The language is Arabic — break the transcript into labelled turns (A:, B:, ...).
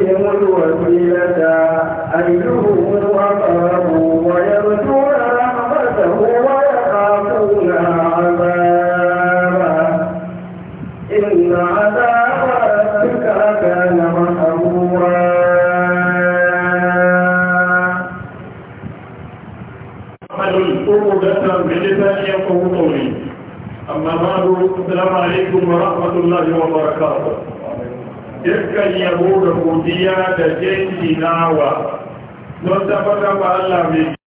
A: إليهم الوسيلة أيهم أقرب ويرجون رحمته ويخافون
B: عذابه إن عذاب ربك كان محظورا
C: أما بعد السلام عليكم ورحمة الله وبركاته
D: dukkan yahuda kudiya da jinjinawa don tabbatar ba Allah mai